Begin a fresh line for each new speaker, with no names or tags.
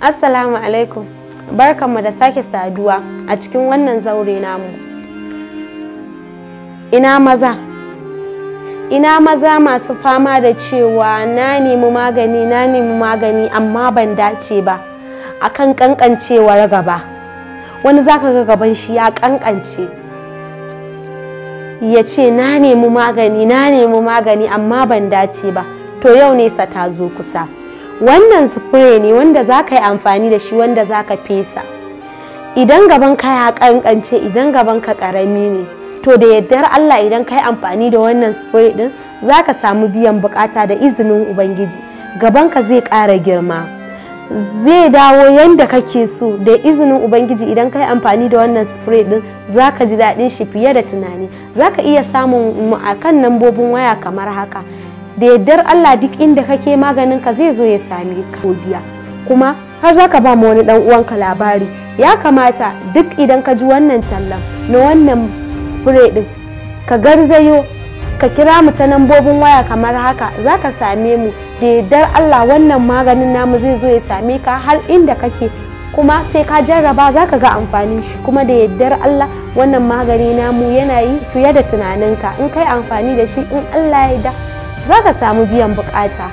Assalamu alaikum. Barkanmu da sake saduwa a cikin wannan zaure namu. Ina maza. Ina maza masu fama da cewa na nemi magani na nemi magani amma ban dace ba akan kankancewar gaba. Wani zaka ga gaban shi ya kankance. Ya ce na nemi magani na nemi magani amma ban dace ba. To yau ne sa ta zo kusa. wannan spray ne wanda za ka yi amfani da shi wanda za ka fesa idan gaban ka ya kankance idan gaban ka karami ne to da yardar Allah idan ka yi amfani da wannan spray din za ka samu biyan bukata da izinin ubangiji gaban ka zai ƙara girma zai dawo yadda kake so da izinin ubangiji idan ka yi amfani da wannan spray din za ka ji daɗin shi fiye da tunani za ka iya samun mu akan lambobin waya kamar haka da yardar Allah duk inda kake maganin ka zai zo ya same ka godiya kuma har zaka ba mu wani dan uwanka labari ya kamata duk idan ka ji wannan tallan na wannan spray din ka garzayo ka kira mu ta nambobin waya kamar haka zaka same mu da yardar Allah wannan maganin namu zai zo ya same ka har inda kake kuma sai ka jarraba za ka ga amfanin shi kuma da yardar Allah wannan magani namu yana yi fiye da tunaninka in kai amfani da shi in Allah ya da za ka samu biyan bukata.